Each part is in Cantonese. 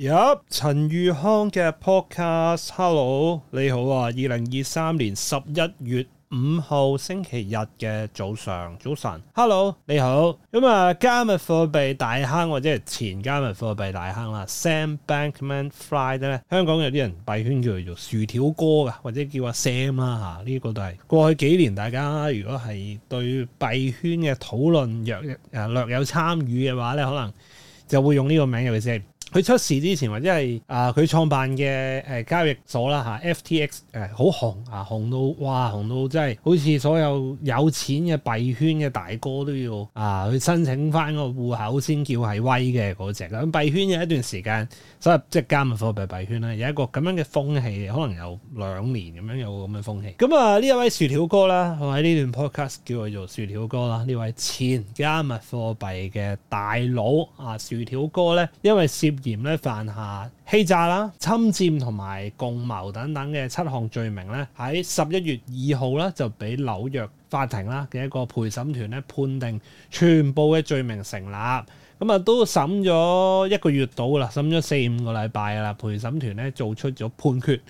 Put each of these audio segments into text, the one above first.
Yep，陳宇康嘅 podcast，Hello，你好啊！二零二三年十一月五號星期日嘅早上早晨，Hello，你好。咁啊，加密貨幣大亨或者前加密貨幣大亨啦，Sam Bankman Fried 咧，香港有啲人幣圈叫做薯條哥噶，或者叫阿 Sam 啦、啊、吓，呢、這個都係過去幾年大家如果係對幣圈嘅討論若略，略有參與嘅話咧，可能就會用呢個名，尤其先。佢出事之前或者係啊佢創辦嘅誒交易所啦嚇、啊、FTX 誒、呃、好紅啊，紅到哇，紅到真係好似所有有錢嘅幣圈嘅大哥都要啊去申請翻個戶口先叫係威嘅嗰隻。咁幣圈有一段時間，即係即係加密貨幣幣圈咧，有一個咁樣嘅風氣，可能有兩年咁樣有咁樣風氣。咁啊呢一位薯條哥啦，我喺呢段 Podcast 叫佢做薯條哥啦，呢位前加密貨幣嘅大佬啊薯條哥咧，因為涉嫌咧犯下欺詐啦、侵佔同埋共謀等等嘅七項罪名咧，喺十一月二號咧就俾紐約法庭啦嘅一個陪審團咧判定全部嘅罪名成立，咁啊都審咗一個月到啦，審咗四五個禮拜啦，陪審團咧做出咗判決。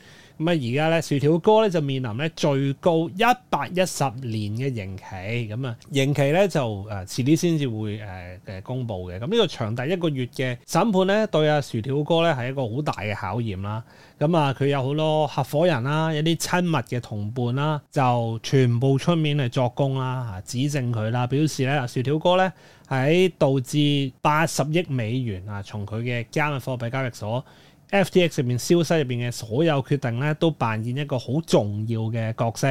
咁啊，而家咧薯條哥咧就面臨咧最高一百一十年嘅刑期，咁啊刑期咧就誒遲啲先至會誒誒公佈嘅。咁、這、呢個長達一個月嘅審判咧，對阿薯條哥咧係一個好大嘅考驗啦。咁啊，佢有好多合伙人啦，一啲親密嘅同伴啦，就全部出面嚟作供啦，啊指證佢啦，表示咧薯條哥咧喺導致八十億美元啊，從佢嘅加密貨幣交易所。FTX 入面消失入面嘅所有決定咧，都扮演一個好重要嘅角色。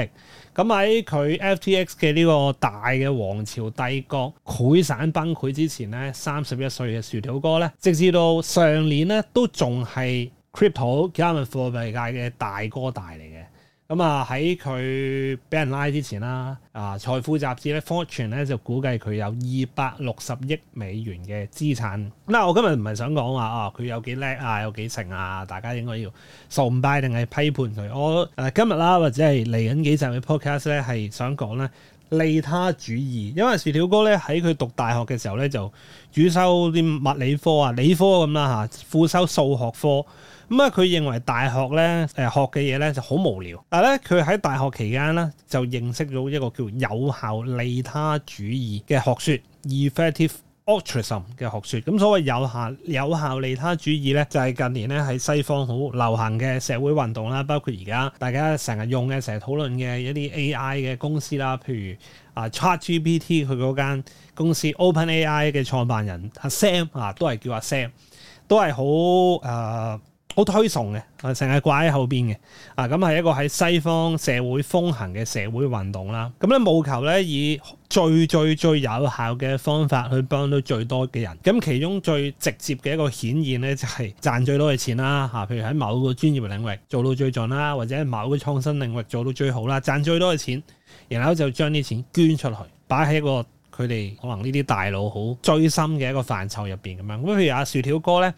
咁喺佢 FTX 嘅呢個大嘅王朝帝國潰散崩潰之前咧，三十一歲嘅薯條哥咧，直至到上年咧，都仲係 cryptocurrency 界嘅大哥大嚟嘅。咁啊喺佢俾人拉之前啦，啊《財富》雜誌咧，《Fortune》咧就估計佢有二百六十億美元嘅資產。嗱，我今日唔係想講話啊佢有幾叻啊，有幾成啊，大家應該要崇拜定係批判佢。我、啊、今日啦，或者係嚟緊幾集嘅 Podcast 咧，係想講咧。利他主義，因為時條哥咧喺佢讀大學嘅時候咧就主修啲物理科啊、理科咁啦嚇，副修數學科。咁啊，佢認為大學咧誒學嘅嘢咧就好無聊。但係咧，佢喺大學期間咧就認識咗一個叫有效利他主義嘅學說：effective altruism 嘅學說，咁所謂有限有效利他主義咧，就係、是、近年咧喺西方好流行嘅社會運動啦，包括而家大家成日用嘅、成日討論嘅一啲 AI 嘅公司啦，譬如啊 ChatGPT 佢嗰間公司 OpenAI 嘅創辦人阿 Sam 啊，都係叫阿 Sam，都係好誒。呃好推崇嘅，啊成日掛喺後邊嘅，啊咁係一個喺西方社會風行嘅社會運動啦。咁、啊、咧、啊、務求咧以最，最最最有效嘅方法去幫到最多嘅人。咁、啊、其中最直接嘅一個顯現咧就係、是、賺最多嘅錢啦。吓、啊，譬如喺某個專業領域做到最盡啦，或者某個創新領域做到最好啦，賺、啊、最多嘅錢，然後就將啲錢捐出去，擺喺一個。佢哋可能呢啲大佬好追新嘅一個範疇入邊咁樣，咁譬如阿薯條哥咧，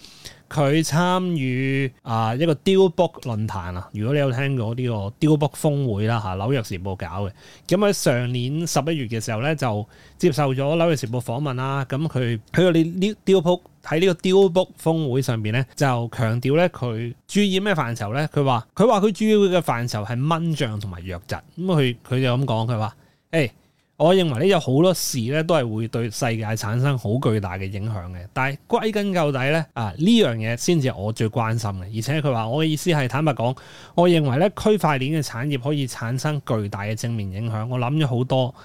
佢參與啊、呃、一個 DealBook 論壇啊。如果你有聽過呢個 DealBook 峯會啦嚇，《紐約時報》搞嘅，咁喺上年十一月嘅時候咧，就接受咗《紐約時報》訪問啦。咁佢佢哋呢 DealBook 喺呢個 DealBook 峯會上邊咧，就強調咧佢注意咩範疇咧？佢話佢話佢注意嘅範疇係蚊帳同埋藥劑。咁佢佢就咁講，佢話誒。欸我認為咧有好多事咧都係會對世界產生好巨大嘅影響嘅，但係歸根究底咧啊呢樣嘢先至我最關心嘅。而且佢話我嘅意思係坦白講，我認為咧區塊鏈嘅產業可以產生巨大嘅正面影響。我諗咗好多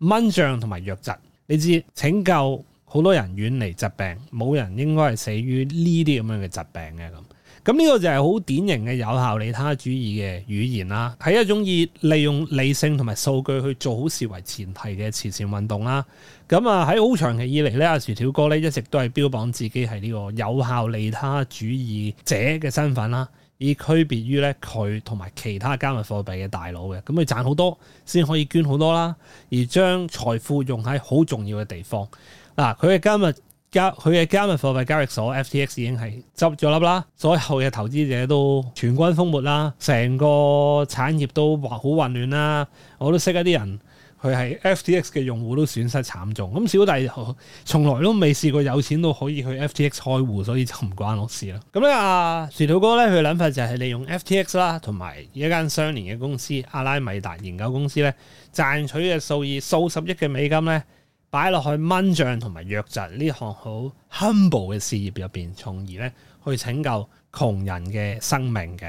蚊帳同埋瘧疾，你知拯救好多人遠離疾病，冇人應該係死於呢啲咁樣嘅疾病嘅咁。咁呢個就係好典型嘅有效利他主義嘅語言啦，係一種以利用理性同埋數據去做好事為前提嘅慈善運動啦。咁啊喺好長期以嚟咧，阿薯條哥咧一直都係標榜自己係呢個有效利他主義者嘅身份啦，以區別於咧佢同埋其他加密貨幣嘅大佬嘅。咁佢賺好多先可以捐好多啦，而將財富用喺好重要嘅地方。嗱，佢嘅加密佢嘅加密貨幣交易所 FTX 已經係執咗笠啦，所有嘅投資者都全軍覆沒啦，成個產業都話好混亂啦。我都識一啲人，佢係 FTX 嘅用戶都損失慘重。咁小弟從來都未試過有錢都可以去 FTX 開戶，所以就唔關我事、啊、呢啦。咁咧，阿薯條哥咧，佢諗法就係利用 FTX 啦，同埋一間相連嘅公司阿拉米達研究公司咧，賺取嘅數以數十億嘅美金咧。擺落去蚊帳同埋藥劑呢項好 humble 嘅事業入邊，從而咧去拯救窮人嘅生命嘅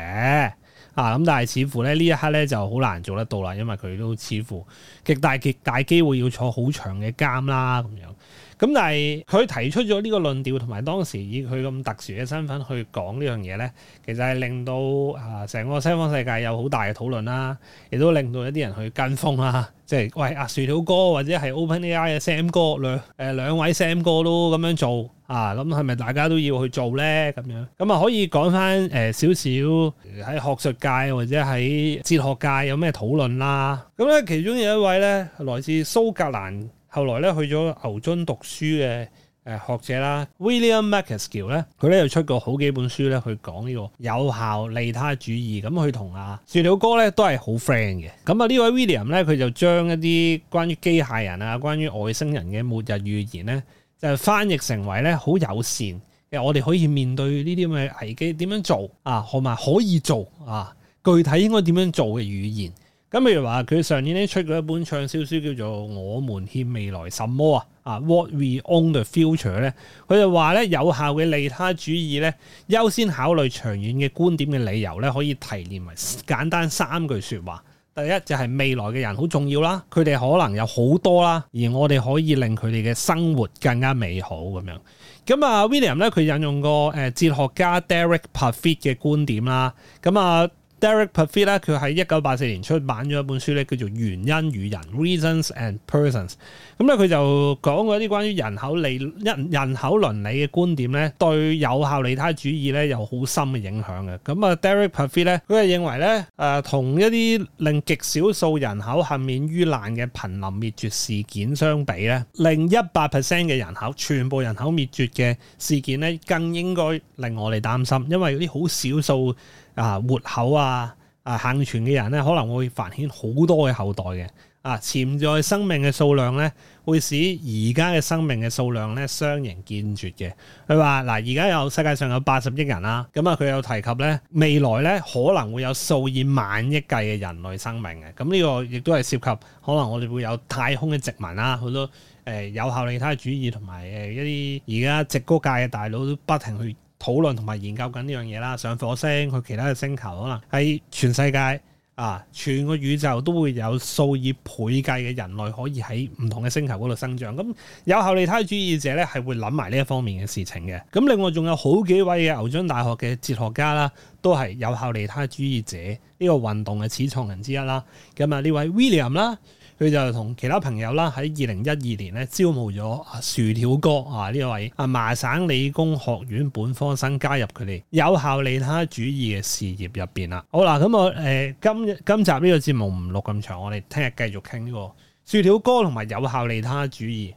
啊！咁但係似乎咧呢一刻咧就好難做得到啦，因為佢都似乎極大極大機會要坐好長嘅監啦咁樣。咁但係佢提出咗呢個論調，同埋當時以佢咁特殊嘅身份去講呢樣嘢，呢其實係令到啊成個西方世界有好大嘅討論啦，亦都令到一啲人去跟風啦，即係喂阿薯條哥或者係 OpenAI 嘅 Sam 哥兩誒兩位 Sam 哥都咁樣做啊，咁係咪大家都要去做呢？咁樣咁啊、嗯嗯、可以講返誒少少喺學術界或者喺哲學界有咩討論啦？咁、嗯、咧其中有一位呢，來自蘇格蘭。後來咧去咗牛津讀書嘅誒學者啦，William MacAskill 咧，佢咧又出過好幾本書咧，去講呢個有效利他主義。咁佢同阿樹鳥哥咧都係好 friend 嘅。咁啊呢位 William 咧，佢就將一啲關於機械人啊、關於外星人嘅末日預言咧，就係翻譯成為咧好友善，我哋可以面對呢啲咁嘅危機點樣做啊？同埋可以做啊，具體應該點樣做嘅語言？咁譬如話，佢上年咧出過一本暢銷書，叫做《我們欠未來什麼》啊，啊，What We Owe the Future 咧，佢就話咧有效嘅利他主義咧，優先考慮長遠嘅觀點嘅理由咧，可以提煉為簡單三句説話。第一就係未來嘅人好重要啦，佢哋可能有好多啦，而我哋可以令佢哋嘅生活更加美好咁樣。咁啊，William 咧佢引用個誒哲學家 Derek Parfit 嘅觀點啦，咁啊。Derek Parfit 佢喺一九八四年出版咗一本書咧，叫做《原因與人》（Reasons and Persons）。咁咧，佢、嗯、就講過啲關於人口利一人口倫理嘅觀點咧，對有效利他主義咧有好深嘅影響嘅。咁、嗯、啊，Derek Parfit 佢就認為咧，誒、呃、同一啲令極少數人口幸免於難嘅瀕臨滅絕事件相比咧，令一百 percent 嘅人口全部人口滅絕嘅事件咧，更應該令我哋擔心，因為嗰啲好少數。啊活口啊啊幸存嘅人咧，可能會繁衍好多嘅後代嘅啊，潛在生命嘅數量咧，會使而家嘅生命嘅數量咧，相形見絀嘅。佢話嗱，而、啊、家有世界上有八十億人啦、啊，咁啊佢有提及咧，未來咧可能會有數以萬億計嘅人類生命嘅。咁、嗯、呢、這個亦都係涉及可能我哋會有太空嘅殖民啦、啊，好多誒、呃、有效利他主義同埋誒一啲而家矽谷界嘅大佬都不停去。討論同埋研究緊呢樣嘢啦，上火星，去其他嘅星球，可能喺全世界啊，全個宇宙都會有數以倍計嘅人類可以喺唔同嘅星球嗰度生長。咁有效利他主義者咧，係會諗埋呢一方面嘅事情嘅。咁另外仲有好幾位嘅牛津大學嘅哲學家啦，都係有效利他主義者呢個運動嘅始創人之一啦。咁啊，呢位 William 啦。佢就同其他朋友啦，啊，喺二零一二年咧，招募咗薯條哥啊，呢位啊，麻省理工學院本科生加入佢哋有效利他主義嘅事業入邊啦。好啦，咁我誒今日今集呢個節目唔錄咁長，我哋聽日繼續傾呢個薯條哥同埋有效利他主義。